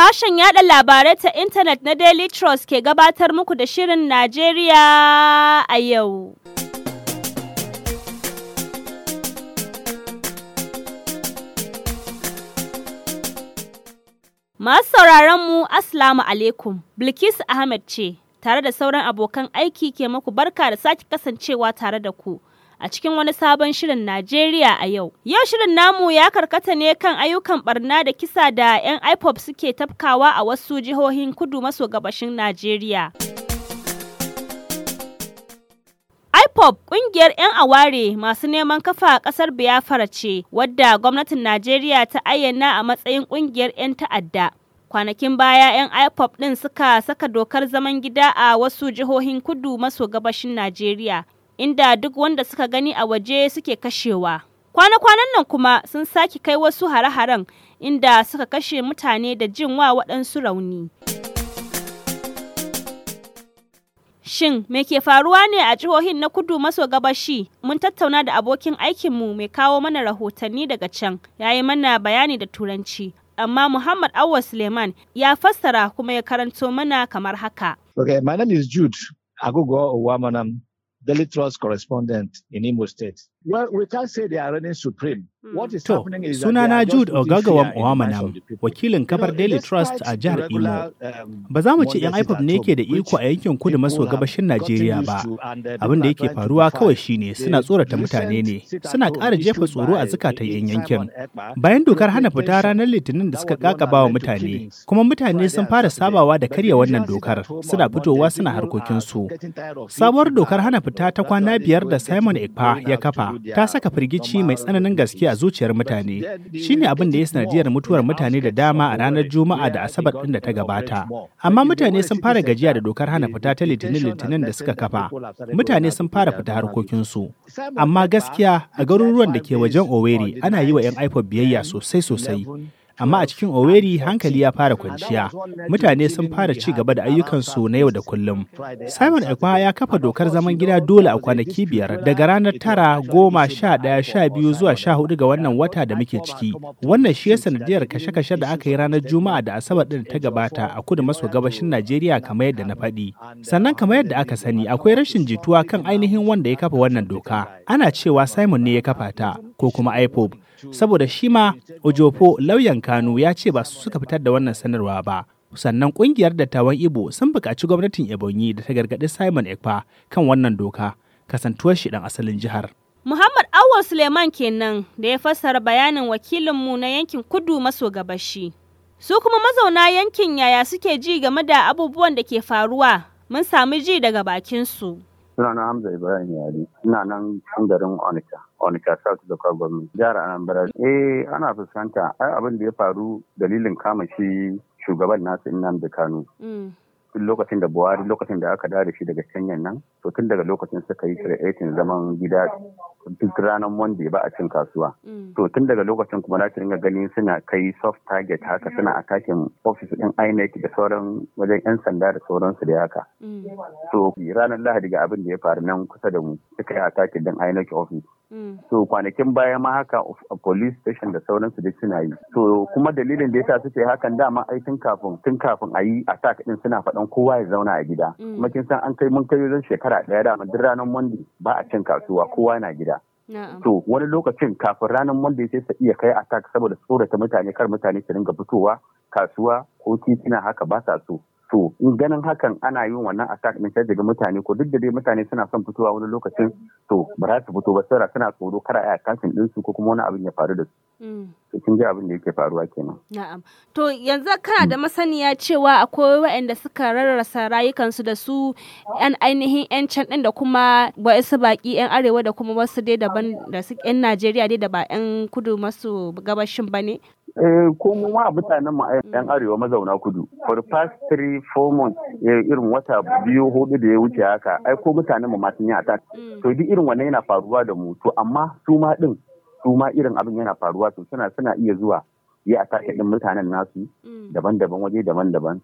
Sashen yada labarai ta intanet na Daily Trust ke gabatar muku da Shirin Najeriya a yau. Masu sauraron mu Assalamu alaikum, Bilkisu Ahmed ce, tare da sauran abokan aiki ke muku barka da sake kasancewa tare da ku. a cikin wani sabon shirin Najeriya a yau. Yau shirin namu ya karkata ne kan ayyukan barna da kisa da 'yan IPOP suke tafkawa a wasu jihohin kudu maso gabashin Najeriya. IPOP kungiyar 'yan aware masu neman kafa a ƙasar Biafra ce wadda gwamnatin Najeriya ta ayyana a matsayin kungiyar 'yan ta'adda. Kwanakin baya 'yan IPOP ɗin suka saka dokar zaman gida a wasu jihohin kudu maso gabashin Najeriya inda duk wanda suka gani a waje suke kashewa. Kwana-kwanan nan kuma sun sake kai wasu hare-haren inda suka kashe mutane da jin wa waɗansu rauni. Shin me ke faruwa ne a jihohin na kudu maso gabashi? Mun tattauna da abokin aikinmu mai kawo mana rahotanni daga can, yayi mana bayani da turanci. Amma Muhammad Awwa Suleiman ya fassara kuma ya karanto mana kamar haka. Okay, my name is Jude Agogo Owamanam. Daily Trust correspondent in Imo State. Hmm. To, sunana Jude Ogagawan Owamanam, wakilin kafar Daily Trust a jihar Imo. Um, ba za mu ce 'yan IPOP ne ke da iko a yankin kudu maso gabashin Najeriya ba. Abin da yake faruwa kawai shi ne, suna tsorata mutane ne, suna ƙara jefa tsoro a zukatan 'yan yankin. Bayan dokar hana fita ranar Litinin da suka kakaba wa mutane, kuma mutane sun fara sabawa da karya wannan dokar, suna fitowa suna harkokinsu. Sabuwar dokar hana fita ta kwana biyar da Simon Ekpa ya kafa ta saka firgici mai tsananin gaske a zuciyar mutane, shine abin da ya sanadiyar mutuwar mutane da dama a ranar Juma'a da Asabar ɗin da ta gabata. Amma mutane sun fara gajiya da dokar hana fita ta litinin-litinin da suka kafa. Mutane sun fara fita harkokinsu. Amma gaskiya a garuruwan da ke wajen Owerri ana yi wa 'yan IPOB biyayya sosai-sosai. amma a cikin oweri hankali ya fara kwanciya. Mutane sun fara ci gaba da ayyukansu na yau da kullum. Simon Ekwa ya kafa dokar zaman gida dole a kwanaki biyar daga ranar tara goma sha daya sha biyu zuwa sha hudu ga wannan wata da muke ciki. Wannan shi ya sanadiyar kashe-kashe da aka yi ranar Juma'a da Asabar din ta gabata a kudu maso gabashin Najeriya kamar yadda na faɗi. Sannan kamar yadda aka sani akwai rashin jituwa kan ainihin wanda ya kafa wannan doka. Ana cewa Simon ne ya kafa ta ko kuma IPOB. saboda shi ma Ojofo lauyan Kano ya ce ba su suka fitar da wannan sanarwa ba. Sannan kungiyar dattawan Ibo sun buƙaci gwamnatin Ebonyi da ta gargaɗi Simon Ekpa kan wannan doka kasantuwar shi ɗan asalin jihar. Muhammad Awon Suleiman kenan da ya fassara bayanin wakilinmu na yankin kudu maso gabashi. Su kuma mazauna yankin yaya suke ji game da abubuwan da ke faruwa mun sami ji daga bakinsu. sunana hamza ibrahim yari ina nan cikin garin onika onika south da government jihar anambra eh ana fuskanta ai abin da ya faru dalilin kama shi shugaban nasu nnamdi kanu mm. lokacin da buhari lokacin da aka dare shi daga canyan nan to tun daga lokacin suka yi creating zaman gida duk ranar monday ba a cin kasuwa mm. to tun daga lokacin kuma za ringa gani suna kai soft target haka suna a kakin ofis din inec da sauran wajen yan sanda da sauransu da haka mm. to ranar lahadi ga abin da ya faru nan kusa da mu suka yi a kakin din inec office Mm. So kwanakin baya ma haka a police station da sauransu duk suna yi. So kuma dalilin da ya yasa suke hakan dama ai tun kafin tun kafin a yi a sa kaɗin suna faɗan kowa ya zauna a gida. Mm. Kuma kin san an kai mun kai zan shekara ɗaya da duk ranar Monday ba a cin kasuwa kowa na gida. To wani lokacin kafin ranar Monday sai su iya kai attack saboda tsorata mutane kar mutane su ringa fitowa kasuwa ko titina haka ba sa so. to in ganin hakan ana yin wannan attack din sai daga mutane ko duk da dai mutane suna son fitowa wani lokacin to ba za su fito ba sai suna tsoro kar a attacking din su ko kuma wani abin ya faru da su mm. to kin ji abin da yake faruwa kenan na'am to yanzu kana da masaniya cewa akwai waɗanda suka rarrasa rayukansu da su yan ainihin yan can din da kuma wasu baki yan arewa da kuma wasu dai daban da su yan Najeriya dai da ba yan kudu masu gabashin bane Eh, ko mu mutanen mu mm. yan arewa mazauna kudu for the past three four months eh, irin wata biyu hudu da ya wuce haka ai ko mutanen mu ma sun yi attack mm. to duk irin wannan yana faruwa da mu to amma su ma din su ma irin abin yana faruwa to suna suna iya zuwa yi attack din mutanen nasu mm. daban-daban waje daban-daban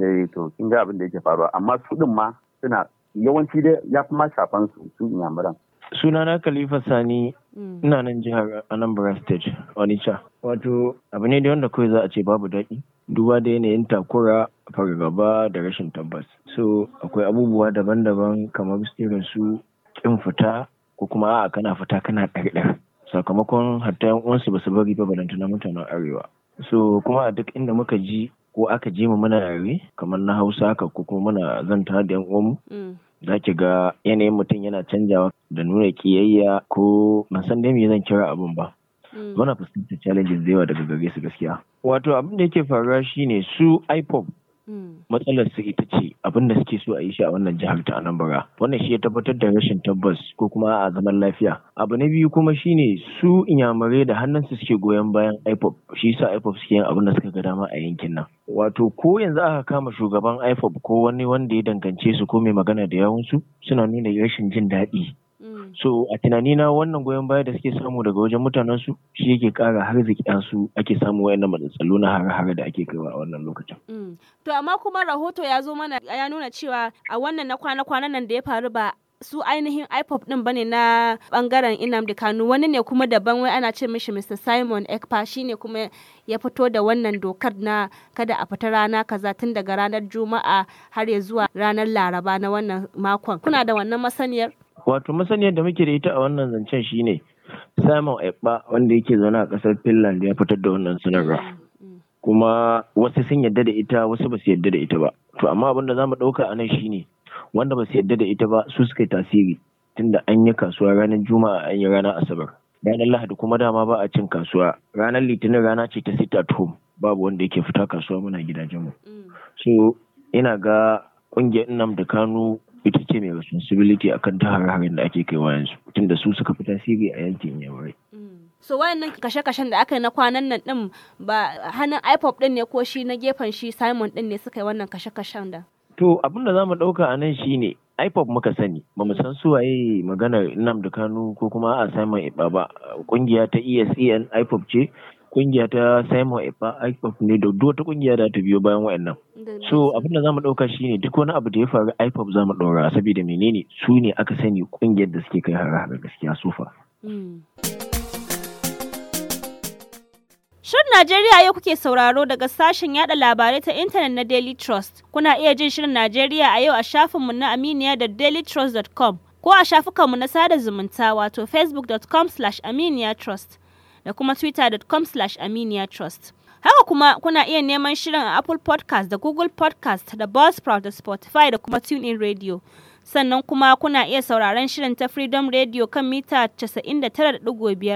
eh to kin ga abin da yake faruwa amma su din ma suna yawanci dai ya fi ma shafan su su inyamuran sunana khalifa sani mm. ina nan jihar anambra state onitsha wato abu ne da wanda kawai za a ce babu daɗi duba da yanayin takura fargaba da rashin tabbas so akwai abubuwa daban-daban kamar irin su kin fita ko kuma a'a kana fita kana ɗarɗar sakamakon hatta yan uwansu ba su bari ba balanta na mutanen arewa so kuma a duk inda muka ji ko aka ji mu muna yare kamar na hausa haka ko kuma muna zanta da yan uwanmu mm. za ki ga yanayin mutum yana canjawa da nuna kiyayya ko ban san dai me zan kira abin ba mm. muna fuskantar challenges da yawa daga gare su gaskiya wato abin da yake faruwa shine su ipop matsalar su ita ce abin da suke so a yi shi a wannan jihar ta Anambra wannan shi ya tabbatar da rashin tabbas ko kuma a zaman lafiya abu na biyu kuma shine su inyamurai da hannunsu suke goyon bayan IPOP shi yasa IPOP suke yin abin da suka ga dama a yankin nan wato ko yanzu aka kama shugaban IPOP ko wani wanda ya dangance su ko mai magana da yawunsu suna nuna rashin jin daɗi so a na wannan goyon baya da suke samu daga wajen mutanen su shi yake kara harzikin su ake samu wayannan matsaloli na har har da ake kaiwa a wannan lokacin mm. to amma kuma rahoto ya zo mana ya nuna cewa a wannan na kwana-kwanan nan da ya faru ba su ainihin ipop din bane na bangaren inamdi kanu wani ne kuma daban wai ana ce mishi mr simon ekpa shine kuma ya fito da wannan dokar na kada a fita rana kaza tun daga ranar juma'a har ya zuwa ranar laraba na wannan makon kuna da wannan masaniyar wato masaniyar da muke da ita a wannan zancen shi ne. Simon Ekpa wanda yake zaune a kasar Finland ya fitar da wannan sanarwa kuma wasu sun yadda da ita wasu ba su yadda da ita ba to amma abin da zamu ɗauka a nan shine wanda ba su yadda da ita ba su suka yi tasiri tunda an yi kasuwa ranar Juma'a an yi ranar Asabar ranar Lahadi kuma dama ba a cin kasuwa ranar Litinin rana ce ta sita at home babu wanda yake fita kasuwa muna gidajenmu mm. so ina ga ƙungiyar kungiyar da Kanu ita ce mai responsibility akan ta hare-haren da ake kaiwa yanzu da su suka fi tasiri a yankin yamai. Mm. so wayannan kashe-kashen da aka yi na kwanan nan din ba hannun ipop din ne ko shi na gefen shi simon din ne suka yi wannan kashe-kashen da to abin da zamu dauka a nan shi ne ipop muka sani ba mu san su waye maganar Nnamdi Kanu ko kuma a Simon ba ba kungiya ta ESEN ipop ce kungiya ta Simon Epa IPOP ne da duk wata kungiya da ta biyo bayan wayannan. So abin da zamu dauka shine duk wani abu da ya faru IPOP zamu daura saboda menene su ne aka sani kungiyar da suke kai har gaskiya sufa. Hmm. Shirin Najeriya yau kuke sauraro daga sashen yada labarai ta intanet na Daily Trust. Kuna iya jin Shirin Najeriya a yau a shafinmu na Aminiya da dailytrust.com ko a shafukanmu na sada zumunta wato facebookcom aminiyatrust trust. da kuma twittercom trust Haka kuma kuna iya neman shirin a Apple Podcast da Google Podcast da Buzzsprout da Spotify da kuma TuneIn Radio. sannan kuma kuna iya sauraron shirin ta Freedom Radio kan mita 99.5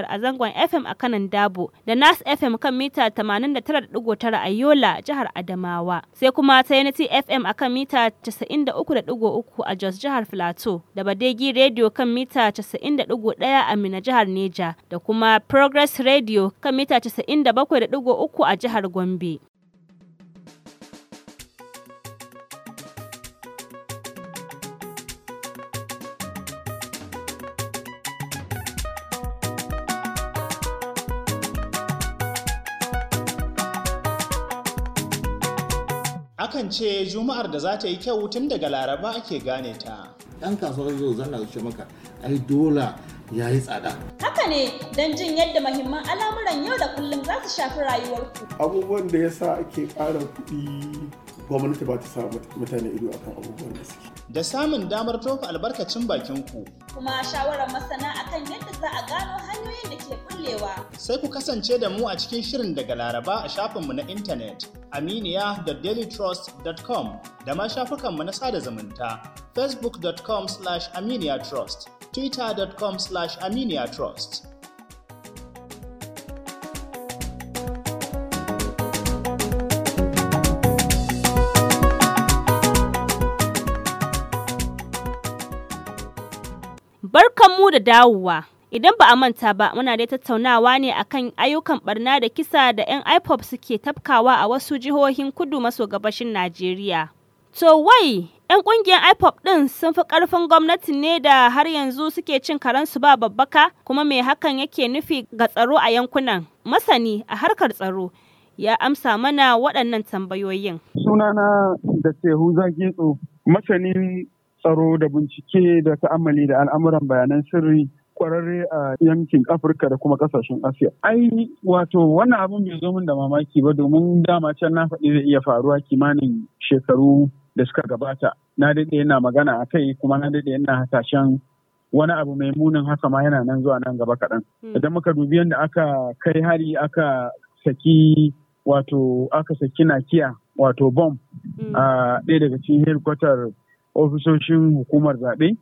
a zangon FM a kanan Dabo da Nas FM kan mita 89.9 a Yola jihar Adamawa sai kuma ta Unity FM a kan mita 93.3 a Jos jihar Filato da Badegi Radio kan mita 91.1 a Mina jihar Neja da kuma Progress Radio kan mita 97.3 a jihar Gombe. ce juma'ar da za ta yi kyau tun daga laraba ake gane ta Ɗan kasuwar zai zana shi maka ai dola ya yi tsada haka ne don jin yadda mahimman al'amuran yau da kullum za su shafi rayuwarku abubuwan da ya sa ake ƙara kuɗi gwamnati ba ta sa mutane ido akan abubuwan da suke da samun damar tofa albarkacin bakinku. Kuma shawarar masana akan yadda za a gano hanyoyin da ke kullewa. Sai ku kasance da mu a cikin shirin daga Laraba a shafinmu na intanet aminiya.dailytrust.com da ma shafukanmu na sada zumunta facebook.com/aminiya twitter.com/aminiya Barkan mu da dawowa. Idan ba a manta ba, muna da tattaunawa ne akan ayyukan barna da kisa da 'yan IPOP suke tafkawa a wasu jihohin kudu maso gabashin Najeriya. To wai, 'yan ƙungiyar IPOP din sun fi karfin gwamnati ne da har yanzu suke cin karensu ba babbaka kuma me hakan yake nufi ga tsaro a yankunan. Masani a harkar tsaro ya amsa mana waɗannan tambayoyin. Sunana da Sehu Zagetso, masanin tsaro da bincike da ta'amali da al'amuran bayanan sirri kwararre a yankin Afirka da kuma kasashen Asiya. Ai wato wannan abun bai zo min da mamaki ba domin dama can na faɗi zai iya faruwa kimanin shekaru da suka gabata. Na daɗe yana magana a kai kuma na daɗe yana hasashen wani abu mai munin haka ma yana nan zuwa nan gaba kaɗan. Hmm. Idan muka dubi yadda aka kai hari aka saki wato aka saki nakiya wato bom hmm. a ɗaya daga cikin helikwatar ofisoshin hukumar zaɓe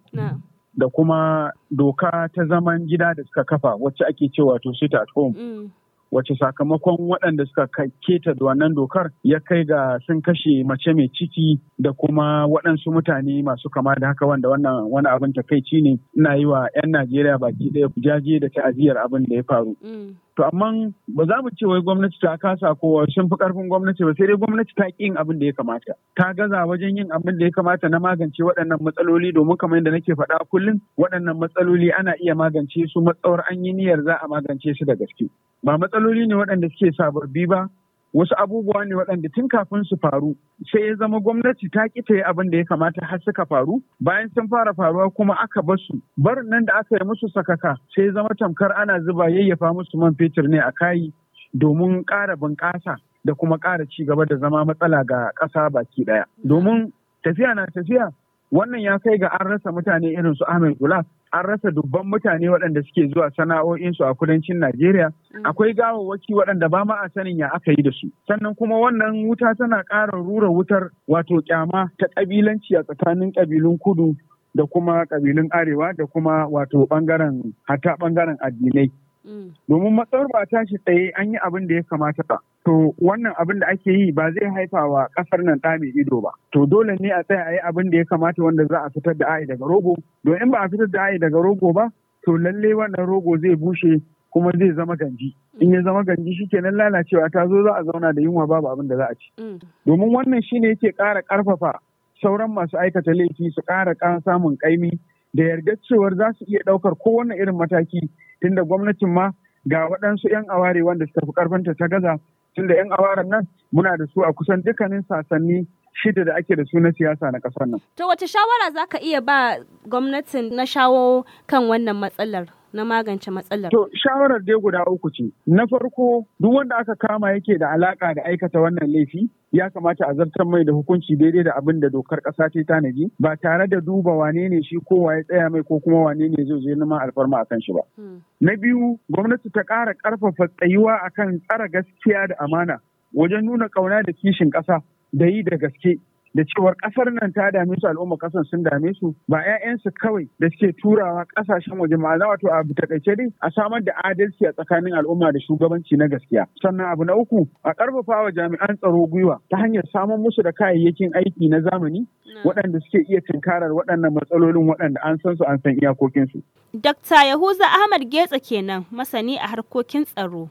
da kuma doka ta zaman gida da suka kafa wacce ake cewa to sit at home mm. wace sakamakon waɗanda suka keta da wannan dokar ya kai ga sun kashe mace mai ciki da kuma waɗansu mutane masu kama da haka wanda wannan wani abin ta takaici ne ina yi wa 'yan Najeriya baki ɗaya jaje da ta'aziyar abin da ya faru. Mm. To amma ba za mu ce wai gwamnati ta kasa ko sun fi karfin gwamnati ba sai dai gwamnati ta ƙi yin abin da ya kamata. Ta gaza wajen yin abin da ya kamata na magance waɗannan matsaloli domin kamar yadda nake faɗa kullum waɗannan matsaloli ana iya magance su matsawar an yi niyyar za a magance su da gaske. ba matsaloli ne waɗanda suke sababbi ba wasu abubuwa ne waɗanda tun kafin su faru sai ya zama gwamnati ta ƙi ta yi abin da ya kamata har suka faru bayan sun fara faruwa kuma aka basu barin nan da aka yi musu sakaka sai ya zama tamkar ana zuba yayyafa musu man fetur ne a kayi domin ƙara bunƙasa da kuma ƙara ci gaba da zama matsala ga ƙasa baki ɗaya domin tafiya na tafiya wannan ya kai ga an rasa mutane irin su Ahmed Gulaf an rasa dubban mutane waɗanda suke zuwa sana'o'insu a kudancin Najeriya. Mm. Akwai gawawwaki waɗanda ba ma a sanin ya aka yi da su. Sannan kuma wannan wuta tana ƙara rura wutar wato kyama ta ƙabilanci a tsakanin ƙabilun kudu da kuma ƙabilun arewa da kuma wato ɓangaren hatta ɓangaren addinai. Mm. Domin matsawar ba tashi tsaye an yi abin da ya kamata ba. To wannan abin da ake yi ba zai haifa wa kasar nan ta mai ido ba. To dole ne a tsaya a yi abin da ya kamata wanda za a fitar da ayi daga rogo. Don in ba a fitar da ayi daga rogo ba, to lalle wannan rogo zai bushe kuma zai zama ganji. Mm. In ya zama ganji shi shikenan lalacewa ta zo za a zauna da yunwa babu abin da za a ci. Mm. Domin wannan shine yake kara karfafa sauran masu aikata laifi su ƙara samun kaimi, da yarda cewar za su iya ɗaukar kowane irin mataki tunda gwamnatin ma ga waɗansu 'yan aware wanda suka fi karfanta ta gaza tunda 'yan awaren nan muna da su a kusan dukkanin sasanni shida da ake da su na siyasa na ƙasar nan. To wace shawara zaka iya ba gwamnatin na shawo kan wannan matsalar? na magance matsalar? To shawarar dai guda uku ce. Na farko duk wanda aka kama yake da alaka da aikata wannan laifi ya kamata a zartar mai da hukunci daidai da abin da dokar ƙasa ce tanaji ba tare da duba wane ne shi ko waye tsaya mai ko kuma wane ne zai zo neman alfarma akan shi ba. Hmm. Na biyu gwamnati ta ƙara ƙarfafa tsayuwa akan tsara gaskiya da amana wajen nuna ƙauna da kishin ƙasa da yi da gaske da cewar kasar nan ta dame su al'umma kasar sun dame su ba 'ya'yansu kawai da suke turawa kasashen waje ma'ana wato a takaice dai a samar da adalci a tsakanin al'umma da shugabanci na gaskiya sannan abu na uku a karfafa jami'an tsaro gwiwa ta hanyar samun musu da kayayyakin aiki na zamani waɗanda suke iya tunkarar waɗannan matsalolin waɗanda an san su an san iyakokinsu. Dakta Yahuza Ahmad Getsa kenan masani a harkokin tsaro.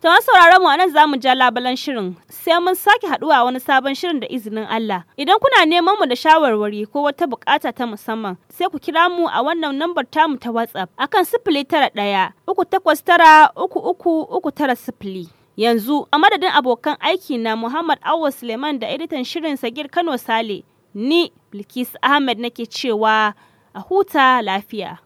To an sauraron mu anan zamu ja labalan shirin sai mun sake haduwa wani sabon shirin da izinin Allah. Idan kuna neman mu da shawarwari ko wata bukata ta musamman sai ku kira mu a wannan lambar tamu ta WhatsApp akan sifili tara ɗaya uku takwas tara uku uku uku tara sifili. Yanzu a madadin abokan aiki na Muhammad awo Suleiman da editan shirin Sagir Kano Sale ni Bilkisu Ahmed nake cewa a huta lafiya.